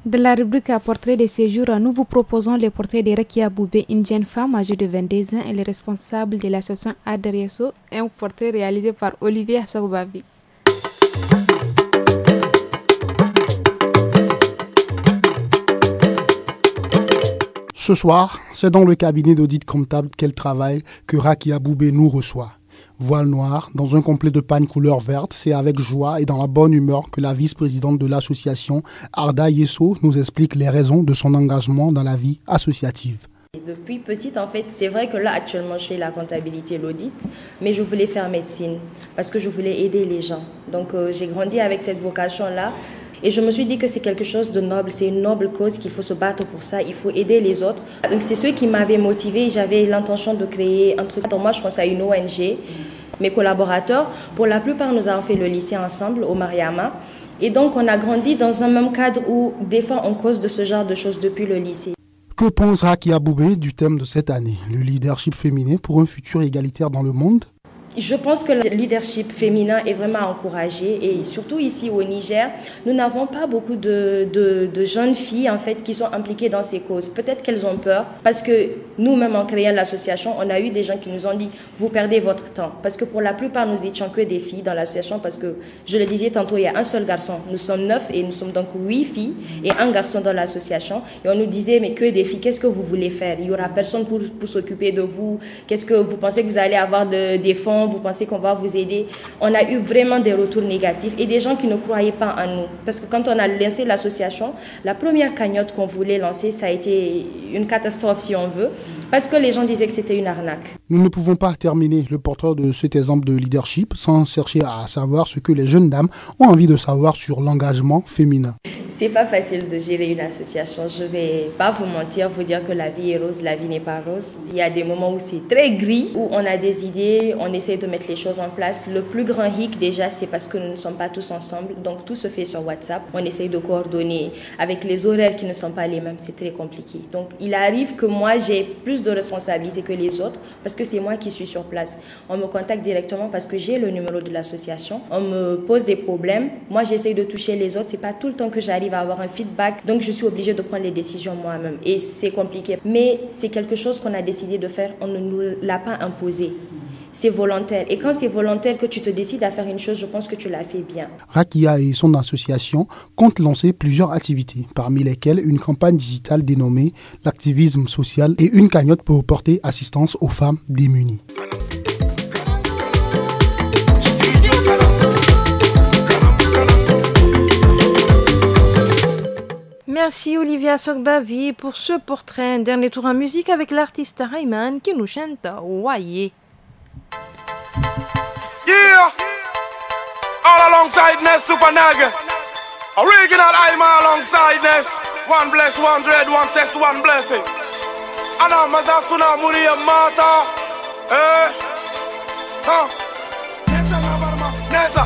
De la rubrique à portrait de séjour, nous vous proposons le portrait de Rakia Boubé, une jeune femme âgée de 22 ans. Elle est responsable de l'association Adrieso, un portrait réalisé par Olivier Assaubavi. Ce soir, c'est dans le cabinet d'audit comptable qu'elle travaille que Rakia Boubé nous reçoit voile noir, dans un complet de panne couleur verte. C'est avec joie et dans la bonne humeur que la vice-présidente de l'association, Arda Yesso, nous explique les raisons de son engagement dans la vie associative. depuis petite, en fait, c'est vrai que là, actuellement, je fais la comptabilité et l'audit, mais je voulais faire médecine parce que je voulais aider les gens. Donc, euh, j'ai grandi avec cette vocation-là. Et je me suis dit que c'est quelque chose de noble, c'est une noble cause qu'il faut se battre pour ça, il faut aider les autres. Donc c'est ce qui m'avait motivé, j'avais l'intention de créer un truc. moi je pense à une ONG, mes collaborateurs, pour la plupart nous avons fait le lycée ensemble au Mariama. Et donc on a grandi dans un même cadre où des fois on cause de ce genre de choses depuis le lycée. Que pense Raki Boubé du thème de cette année, le leadership féminin pour un futur égalitaire dans le monde je pense que le leadership féminin est vraiment encouragé et surtout ici au Niger, nous n'avons pas beaucoup de, jeunes filles en fait qui sont impliquées dans ces causes. Peut-être qu'elles ont peur parce que nous-mêmes en créant l'association, on a eu des gens qui nous ont dit vous perdez votre temps parce que pour la plupart nous étions que des filles dans l'association parce que je le disais tantôt il y a un seul garçon. Nous sommes neuf et nous sommes donc huit filles et un garçon dans l'association et on nous disait mais que des filles qu'est-ce que vous voulez faire Il y aura personne pour, s'occuper de vous. Qu'est-ce que vous pensez que vous allez avoir de, des fonds vous pensez qu'on va vous aider. On a eu vraiment des retours négatifs et des gens qui ne croyaient pas en nous. Parce que quand on a lancé l'association, la première cagnotte qu'on voulait lancer, ça a été une catastrophe si on veut parce que les gens disaient que c'était une arnaque. Nous ne pouvons pas terminer le portrait de cet exemple de leadership sans chercher à savoir ce que les jeunes dames ont envie de savoir sur l'engagement féminin. C'est pas facile de gérer une association. Je vais pas vous mentir, vous dire que la vie est rose, la vie n'est pas rose. Il y a des moments où c'est très gris, où on a des idées, on essaie de mettre les choses en place. Le plus grand hic déjà, c'est parce que nous ne sommes pas tous ensemble, donc tout se fait sur WhatsApp. On essaye de coordonner avec les horaires qui ne sont pas les mêmes, c'est très compliqué. Donc il arrive que moi j'ai plus de responsabilité que les autres parce que c'est moi qui suis sur place. On me contacte directement parce que j'ai le numéro de l'association. On me pose des problèmes. Moi, j'essaye de toucher les autres. C'est pas tout le temps que j'arrive à avoir un feedback. Donc, je suis obligée de prendre les décisions moi-même. Et c'est compliqué. Mais c'est quelque chose qu'on a décidé de faire. On ne nous l'a pas imposé c'est volontaire. Et quand c'est volontaire que tu te décides à faire une chose, je pense que tu l'as fait bien. Rakia et son association comptent lancer plusieurs activités, parmi lesquelles une campagne digitale dénommée l'activisme social et une cagnotte pour porter assistance aux femmes démunies. Merci Olivia Sogbavi pour ce portrait. dernier tour en musique avec l'artiste Rayman qui nous chante Waye. Yeah, all alongside Ness Super Naga. Original I'm alongside Ness. One bless, one dread, one test, one blessing. Ana mazasuna muni mata. Eh, huh? Nessa,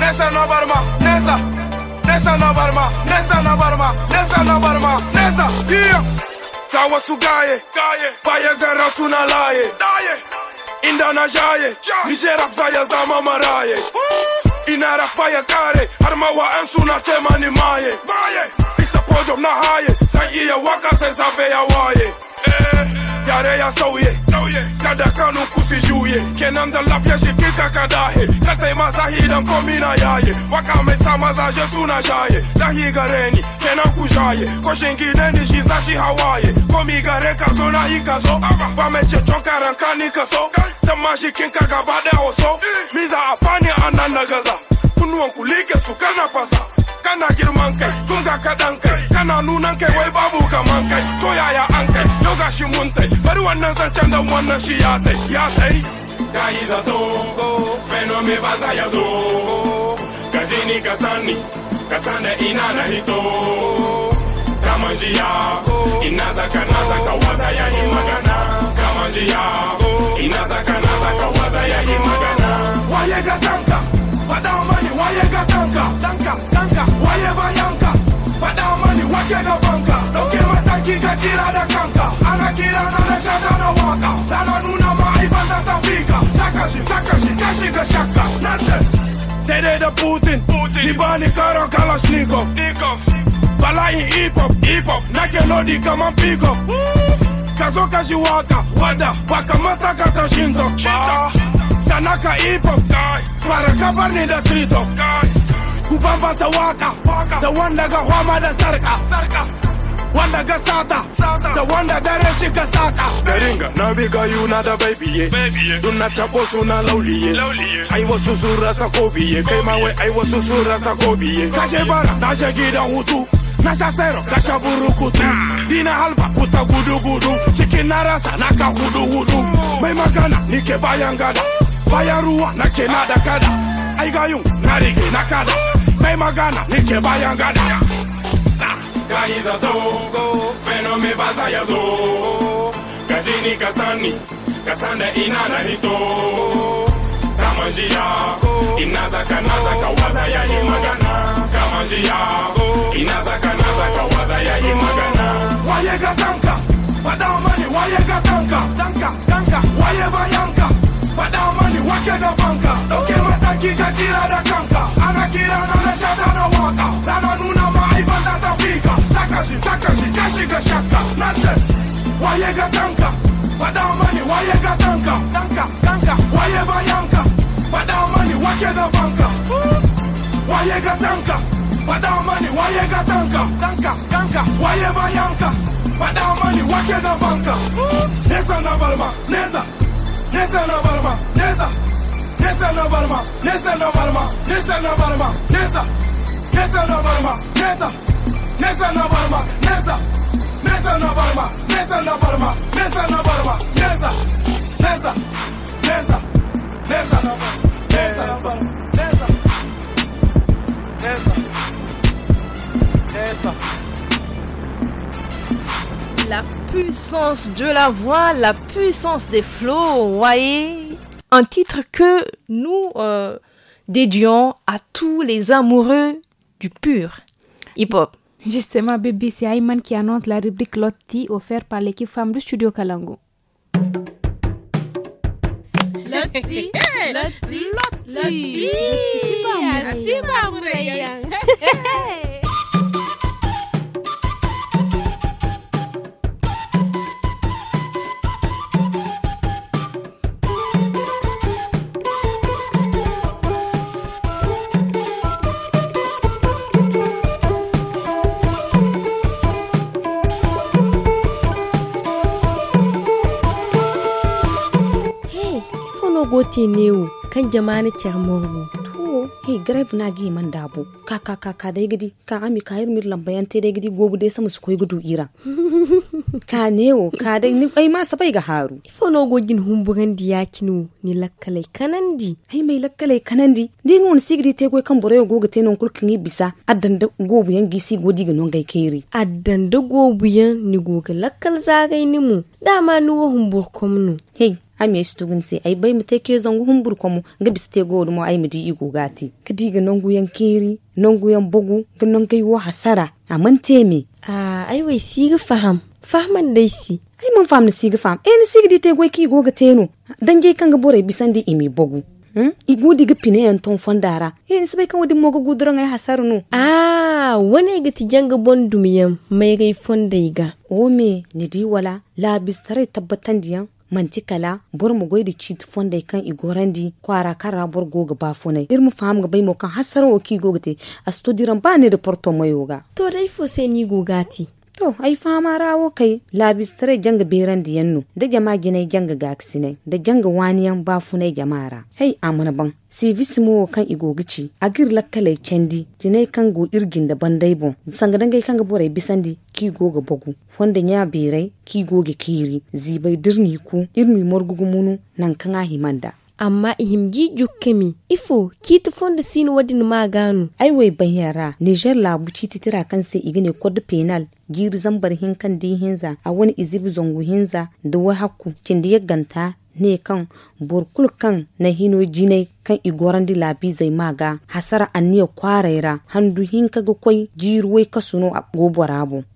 Nessa no barma, Nessa, ah. Nessa no barma, Nessa ah. no barma, Nessa no barma, Nessa. Ah. Yeah. Kawasugaye, Gaye, Paya Garasuna Laye, Daye. Indanajaaye Nijerabzaya za mamaraye Inarapaya kare Harmawa ansu na tema ni maye Isa pojom na haye Sai iya waka se zave ya waye eh. eh. Yare ya sauye Kada kanun kusi juye Kenan da lafiya jikin ka ka dahe Ka taimasa hidan yaye Waka mai sa mazaje suna shaye Lahi gare ni kenan ku shaye Ko shingine ni shi sa shi hawaye Komi gare ka zo na yi ka zo Ba mai ceton karanka ni ka so Zama jikin ka Miza a fani gaza kunnuwanku su kana fasa kana girman kai kun ga kaɗan kai kana nunan kai wai babu kaman kai to yaya an kai yau gashi mun tai bari wannan zancen dan wannan shi ya tai ya tai ka yi zato fenome ba za ya zo ka ji ni ka sani ka sana ina na hito kama jiya ina zaka na zaka waza ya yi magana kama jiya ina zaka na zaka waza ya yi magana waye ga tanka faɗa mai tanka, tanka, tanka, waye bayanka Pada amani wake na banka Doki mastakika kila da kanka Ana kila na nashata na waka Sana nuna maiba za tafika Sakashi, sakashi, kashi ga shaka Nonsense Dede da Putin, Putin Libani karo kalashnikov Nikov Balai hip hop, hip hop Nake lodi kama pick Kazo kashi waka, wada Wakamata kata shinto, shinto ah. Tanaka hip hop, guy Para acabar da trito, kupapasa waka da wanda ga hwama da sarka wanda ga sata da wanda dare shi ga saka garinga na biga yu na da baibiye dun na tabo suna lauliye ai wasu sun rasa kobiye kai ma wai wa wasu sun rasa kobiye kashe bara na she gidan hutu na sero ka burukutu ah. dina halba puta gudu gudu cikin na rasa na ka hudu hudu mai magana nike bayangada, bayarua bayan ruwa nake na da kada ai gayun na rige na gana, meimagana nikibayangana kayiza zogo fenome baza ya zo kajini kasani kasanda inana hito kama njia kanaza kawaza ya yayimagana kama njia kanaza kawaza ya yayimagana wayegatanka padamani wayegatanka tanka tanka Bada wayebayanka padamani wakegabanka okay. hakika kila dakika anakira anaonyesha anawaka sana nuna maiba tatapika sakazi sakazi kashika shaka nase wayega tanka padamani wayega tanka tanka tanka wayeba yanka padamani wakeda banka wayega tanka padamani wayega tanka tanka tanka wayeba yanka padamani wakeda banka nesa na balma nesa nesa na balma nesa La puissance de la voix, la puissance des flots, voyez un titre que nous euh, dédions à tous les amoureux du pur hip-hop. Justement, bébé, c'est Ayman qui annonce la rubrique Lotti offerte par l'équipe femme du studio Kalango. Lotti, gote newo kan jamani charmorgo to hey grave na gi man dabo ka ka ka ka da gidi ka ami ka lamba yan te da gidi gobu dai sama su koy gudu ira ka newo ka dai ni ai ma sabai ga haru ifo no gogin humbugan di yakinu ni lakkalai kanandi ai mai lakkalai kanandi ni nun sigri te koy kan borayo goga te non kulkin bisa addan da gobu yan gisi godi ga non gai kairi addan da gobu yan ni goga lakkal zagai ni mu dama ni wo humbur komnu hey ame stugun se ai bai mu ke zongu humbur komu nga biste goru mo ai di igu gati kadi ga nongu yan keri nongu yan bugu ga non kai wa hasara a man teme a ai wai si ga faham fahman dai si ai mun faham si ga faham eh ni si ga dite go ki go ga teno dan je kan ga bore bisandi imi bugu Hmm? di ga pine yan ton fondara eh sabai kan wadi moga guduran ai hasar no ah wani ga ti janga bon dumiyam mai gai fonda iga o me di wala labis bistare tabbatan diyan mantikala bor mo da chit fonde kan i gorandi kwara kara bor goga bafone ir mu famga bay mo kan hasaro ki gogte asto diran bani reporto moyoga to dai fo se ni gogati to ai fama rawo kai labistare janga beran da yannu da jama ginai janga gaksine da janga waniyan bafunai jamara hey amana ban si kan igogici agir lakkalai kendi Tinai kan go irgin da bandai bon Sanga kan ga borai bisandi ki goga bagu fonda nya berai ki goge kiri zibai dirni ku irmi morgugu munu nan kan ahimanda amma ihimgi jukkemi ifo kiti fonda sin wadin ma gano ai wai ban yara niger labu kiti tira kansa igine code penal giri zambar hinkan din hinza a wani izibu zongu hinza da wa hakku kin ganta ne kan burkul kan na hino jinai kan igorandi labi zai maga hasara aniya kwaraira handu hinka ga kwai jiruwai kasuno a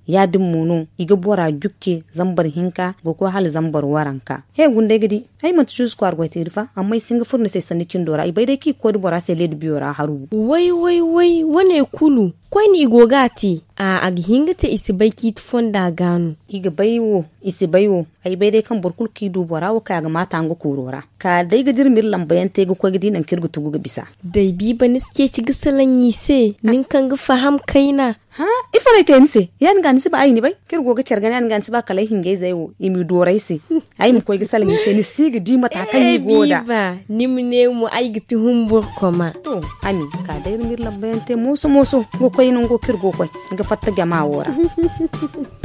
ya din muno iga bora jukke zambar hinka go ko hal zambar waranka he gunde gidi ai mat shus kwar gwa tirfa amma singa furna sai sanikin dora bai dai ki ko bora sai led biora haru wai wai wai wane kulu kwai ni gogati a aghinga ta isi bai ki fonda gano iga baiwo isi baiwo ai bai dai kan burkul ki du bora ka ga mata ngo korora ka dai ga jirmir lambayan te go kwa gidi nan nan kirgu tugu ga bisa dai bi ba niske ci gisalan yi se nin kan faham kaina ha ifala ta nse yan gan ba ayi ni bai kirgo ga chargana yan gan ba kalai hinge zai wo imi dorai se ai mu koi gisalan yi se ni sigi di mata kan eh, yi goda ba ni mu ne mu ai koma to ani ka dai mir labbayan te musu musu go koi nan go koi ga fatta gama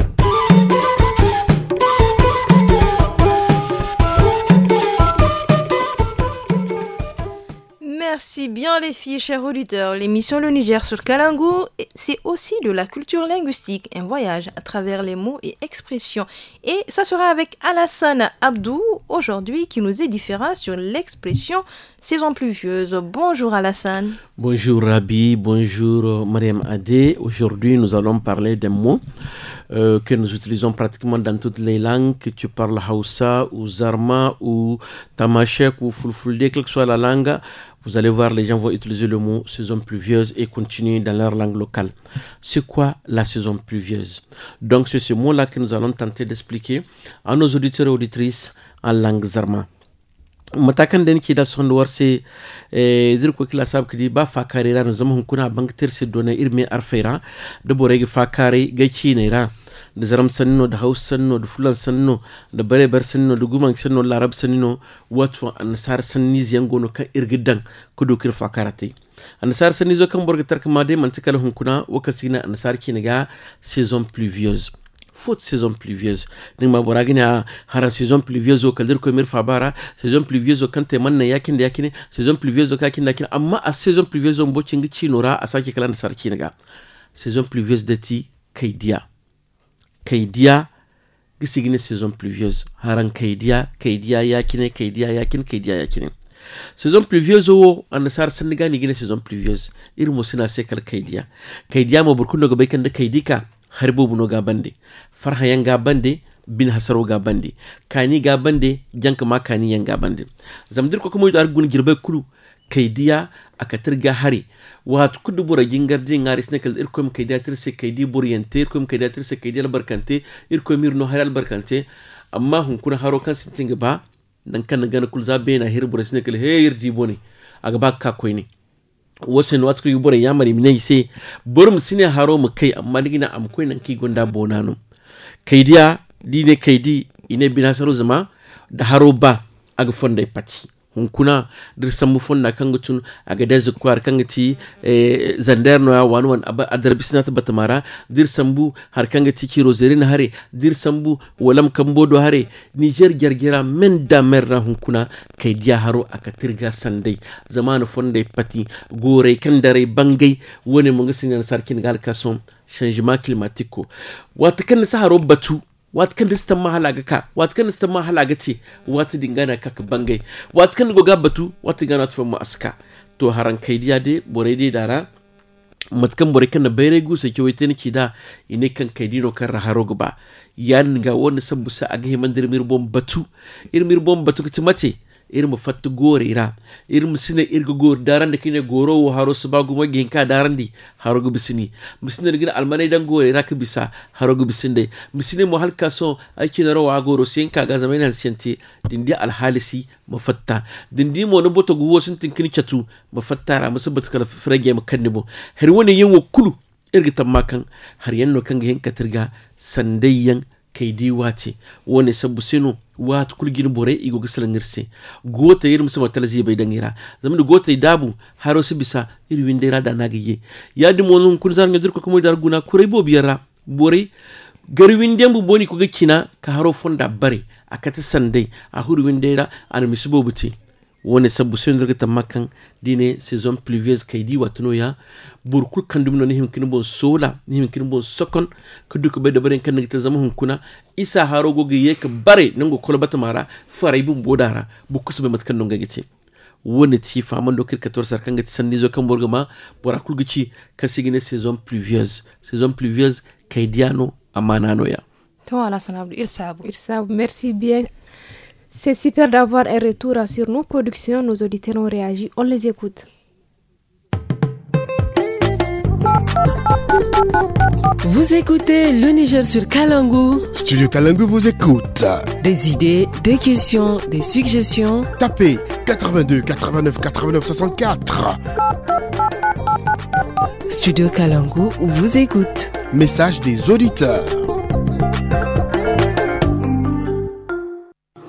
Merci bien les filles, chers auditeurs. L'émission Le Niger sur Kalango, c'est aussi de la culture linguistique, un voyage à travers les mots et expressions. Et ça sera avec Alassane Abdou aujourd'hui qui nous édifiera sur l'expression saison pluvieuse. Bonjour Alassane. Bonjour Rabi, bonjour Mariam Adé. Aujourd'hui nous allons parler des mots euh, que nous utilisons pratiquement dans toutes les langues, que tu parles Hausa ou Zarma ou Tamashek ou Fulfulde, quelle que soit la langue. Vous allez voir, les gens vont utiliser le mot saison pluvieuse et continuer dans leur langue locale. C'est quoi la saison pluvieuse Donc, c'est ce mot-là que nous allons tenter d'expliquer à nos auditeurs et auditrices en langue zarma. matakan da nake da son warse eh, zirko kila sab kidi ba fakare ra zama hunkuna bankter se dona irme arfera da boregi fakare ra da zaram sanino da haus sanino da fulan sanino da bare bar sanino da guman sanino larab sanino wato anasar sanni ziyan gono kan irgidan kudu kirfa karate anasar sanni zo kan burgatar tarka ma dai mantikal hunkuna wakasi na anasar ga saison pluvieuse faute saison pluvieuse ni ma bora gina hara saison pluvieuse o kaldir ko mir fabara saison pluvieuse o man manna yakin da yakine saison pluvieuse o kakin da kin amma a saison pluvieuse o cin gici nora a saki kalan sarki ga saison pluvieuse da ti kai diya kaidiya gisigini saison pluvieuse haran kaidiya kaidiya yakine kaidiya yakin kaidiya yakine saison pluvieuse wo anasar sandiga gani gine saison pluvieuse irin mo sina se kal kaidiya kaidiya mo burkundo ga baikan kaidika har bobu no ga bande farha yan ga bande bin hasaro ga bande kani ga bande Jank ma kani yan ga bande zamdir ko kuma yutar gun girbe kulu kaydiya akatirga hari wato kudu gingar din dhubura jingardiingar kal irkom kaydiatirse kaydi buriyante irkom kaydiatirse kaydi albarkante irkom irno hari albarkante amma hunkuna haro kan sintinga ba nan kan gana kulza bena hir bura sinakal he irdi boni aga ba ka wasu wasan wat kuyi bura yamari minai se burum sine haro mu kai amma nigina am koi nan ki gonda bonanum kaydiya dine kaydi ine binasaro zama da haro ba aga fonda pati hunkuna dir sambu kan gutun a ga dazu kwar kan gati eh, zander no ya wan wan a adar bisna ta mara dir sambu har gati ki rozeri na hare dir sambu walam kan bodo hare niger gergera men da merra hunkuna kai dia haro ka tirga sandai zamanu dai pati gore kan dare bangai wani mun ga sarkin galkason changement climatique ko wata kan sa haro batu wata kan distan mahala ga ka wata kan distan mahala ga ce wata dingana ka ka bangai wata kan go batu wata gana tufa mu aska to haran kai diya de bore de dara matkan bore kan na bayre gu sai wai tani da ine kan kai no kan raharo ba yan ga wani san busa aga irin dirmir bom batu irmir mirbon batu mace irin irma gore gorira irin sina irga gor ke kine goro wo haro ginka mo genka haro gubi bisini misina gina almanai dan gore gorira ka bisa harogo dai misine mu halka so aiki na rawa goro ka ga zamanin hansiyanti dindi alhalisi mafatta dindi mo no boto guwo sun tinkini chatu mafatta ra musu batu kala frage mu. har wani yin wa kulu irga kan har yanno kan ga hinka tirga sandayyan wace, wati wone sabusino wat kulgin bore igo gisla ngirse gota yir musuma talzi bai dangira gotai, gota dabu haro su bisa irwin ya da nagiye yadi monun kun zar ngadir ko kuma dar guna kurai bo biyara bore garwin bu boni ko kina ka haro fonda bare akata sandai a hurwin daira an misibo buti wone sabu soynodirgata dine saison pluvieuse kaydi watanoya burkul kandumno ni himkini sola ni himkini bon sokon kudu ko bedo baren kan ngita zama hunkuna isa harogo ge yek bare nango kolobata mara faray bu bodara bukusu be matkan gite woni ti famando kir sar kan ngati sanizo kan borgama borakul gici kasigine saison pluvieuse saison pluvieuse kaydiano amanano ya to ala sanabdu irsabu irsabu merci bien c'est super d'avoir un retour sur nos productions. Nos auditeurs ont réagi. On les écoute. Vous écoutez le Niger sur Kalangu. Studio Kalangu vous écoute. Des idées, des questions, des suggestions. Tapez 82 89 89 64. Studio Kalangu vous écoute. Message des auditeurs.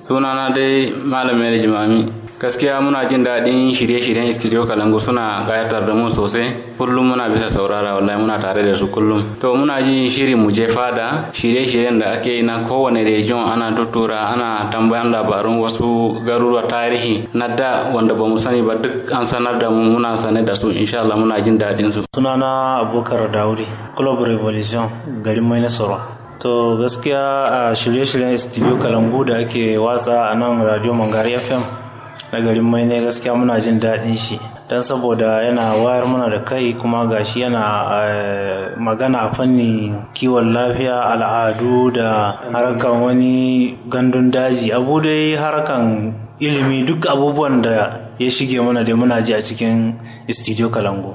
sunana dai malam mai jimami gaskiya muna jin daɗin shirye-shiryen studio kalangu suna gayatar da mu sosai kullum muna bisa saurara wallahi muna tare da su kullum to muna jin shirin mu je fada shirye-shiryen da ake yi na kowane region ana tuttura ana tambayan labarun wasu garuruwa tarihi na da wanda ba mu sani ba duk an sanar da mu muna sane da su insha Allah muna jin daɗin su sunana abokar daudi club revolution garin mai nasara to gaskiya a shirye-shiryen studio kalangu da ake watsa a nan radio mangari fm na garin mai ne gaskiya muna jin daɗin shi don saboda yana wayar mana da kai kuma gashi yana eh, magana a fanni kiwon lafiya al'adu da harkan wani gandun daji abu dai harkan ilimi duk abubuwan da ya shige mana da muna ji a cikin studio kalangu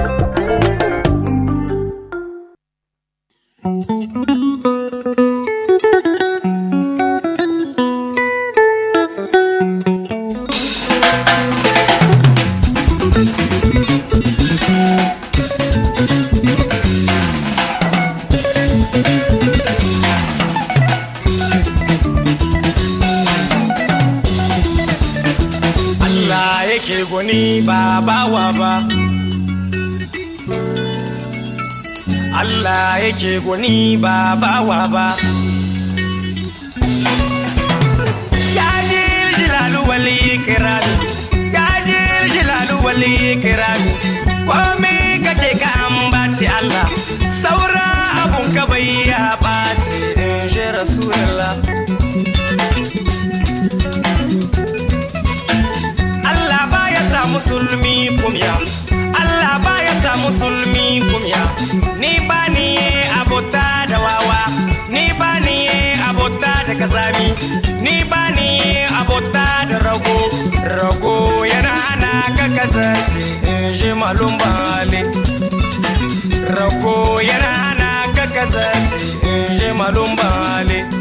ni ba bawa ba ya ji jilalu wali kirami ya ji jilalu wali kirami komai kake ka an baci Allah saura abun ka bai ya ɓaci in ji rasulullah Allah ba ya sa musulmi kumya musulmi kumya ni ba ni ye abota da wawa ni ba ni ye abota da kazami ni ba ni ye abota da rago rago yana hana ka kazance in ji malum bale rago yana hana ka kazance in ji malum bale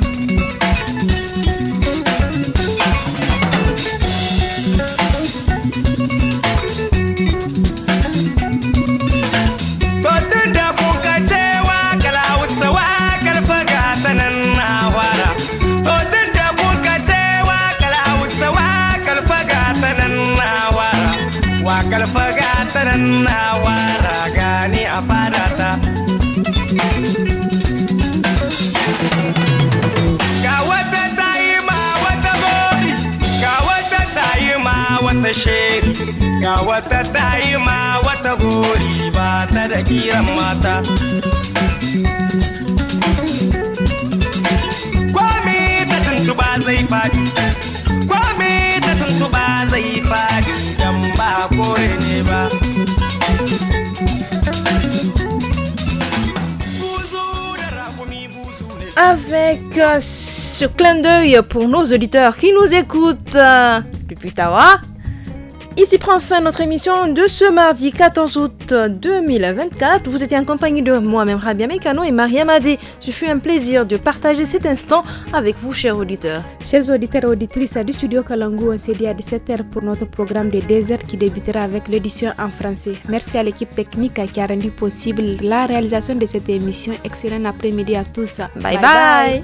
ga wata ta ma wata gori ba ta da kiran mata kwami ta ba zai faɗi kwami ta ba zai faɗi dan ba kore ne ba Avec euh, ce clin d'œil pour nos auditeurs qui nous écoutent euh, Pipitawa Ici prend fin notre émission de ce mardi 14 août 2024. Vous étiez en compagnie de moi-même Rabia Mekano et Maria Madé. Ce fut un plaisir de partager cet instant avec vous, chers auditeurs. Chers auditeurs et auditrices du studio Kalangu, on s'est dit à 17h pour notre programme de désert qui débutera avec l'édition en français. Merci à l'équipe technique qui a rendu possible la réalisation de cette émission. Excellent après-midi à tous. bye. bye.